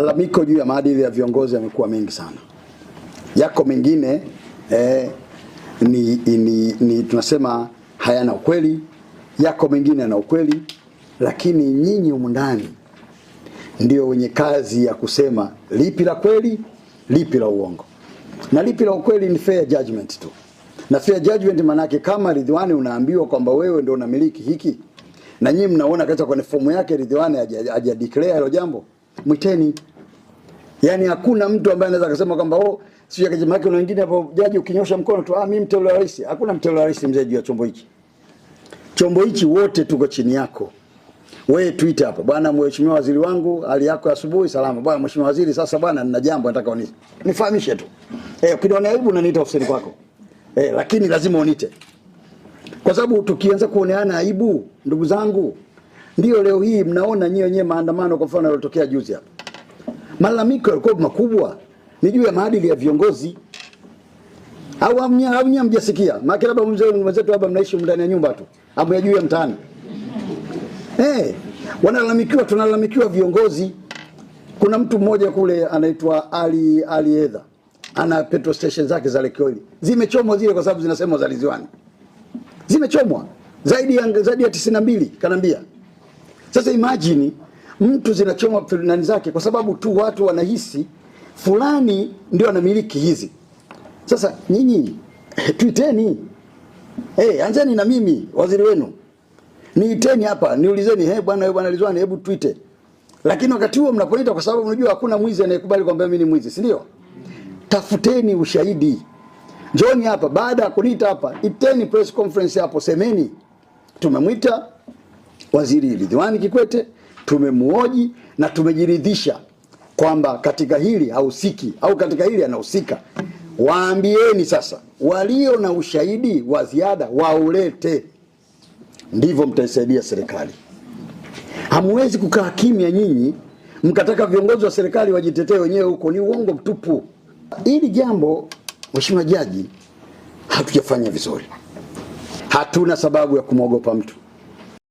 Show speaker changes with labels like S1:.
S1: malalamiko juu ya maadili ya viongozi yamekuwa mengi sana, yako mengine eh, ni, ni, ni tunasema hayana ukweli, yako mengine yana ukweli, lakini nyinyi humu ndani ndio wenye kazi ya kusema lipi la kweli, lipi la uongo na lipi la ukweli. Ni fair judgment tu, na fair judgment maanake, kama Ridhiwani unaambiwa kwamba wewe ndio unamiliki hiki na nyinyi mnaona kaza kwenye fomu yake Ridhiwani haja declare hilo jambo mwiteni. Yani hakuna mtu ambaye anaweza kusema kwamba oh, sio ya kijamaa yake. Wengine hapo jaji, ukinyosha mkono tu, ah, mimi mteule wa rais. Hakuna mteule wa rais mzee juu ya chombo hiki. Chombo hiki wote tuko chini yako. Wewe tuite hapa bwana, mheshimiwa waziri wangu, hali yako asubuhi salama. Bwana mheshimiwa waziri, sasa bwana, nina jambo nataka uniite. Nifahamishe tu. Eh, ukiona aibu unaniita ofisini kwako. Eh, lakini lazima unite Kwa sababu tukianza kuoneana aibu, ndugu zangu, ndio leo hii mnaona nyinyi wenyewe maandamano kwa mfano yalotokea juzi hapa. Malalamiko yalikuwa makubwa ni juu ya maadili ya viongozi. Au hamnya mjasikia. Maana labda mzee wangu mzetu hapa mnaishi ndani ya nyumba tu. hapo ya juu ya mtaani. Eh, hey, wanalalamikiwa tunalalamikiwa viongozi. Kuna mtu mmoja kule anaitwa Ali Ali Edha. Ana petrol station zake za Lake Oil. Zimechomwa zile kwa sababu zinasemwa za Liziwani. Zimechomwa zaidi ya zaidi ya 92 kanambia. Sasa imagine mtu zinachoma nani zake kwa sababu tu watu wanahisi fulani ndio anamiliki hizi. Sasa nyinyi tuiteni, eh, hey, anzeni na mimi waziri wenu, niiteni hapa niulizeni, he bwana, bwana Ridhiwani, hebu tuite. Lakini wakati huo mnapoita kwa sababu unajua hakuna mwizi anayekubali kwamba mimi ni mwizi, si ndio? Tafuteni ushahidi, njoni hapa. Baada ya kuniita hapa, iteni press conference hapo, semeni tumemwita Waziri Ridhiwani Kikwete, tumemuoji na tumejiridhisha kwamba katika hili hahusiki au katika hili anahusika. Waambieni sasa, walio na ushahidi wa ziada waulete, ndivyo mtaisaidia serikali. Hamwezi kukaa kimya nyinyi mkataka viongozi wa serikali wajitetee wenyewe huko, ni uongo mtupu. Hili jambo Mheshimiwa Jaji, hatujafanya vizuri. Hatuna sababu ya kumwogopa mtu.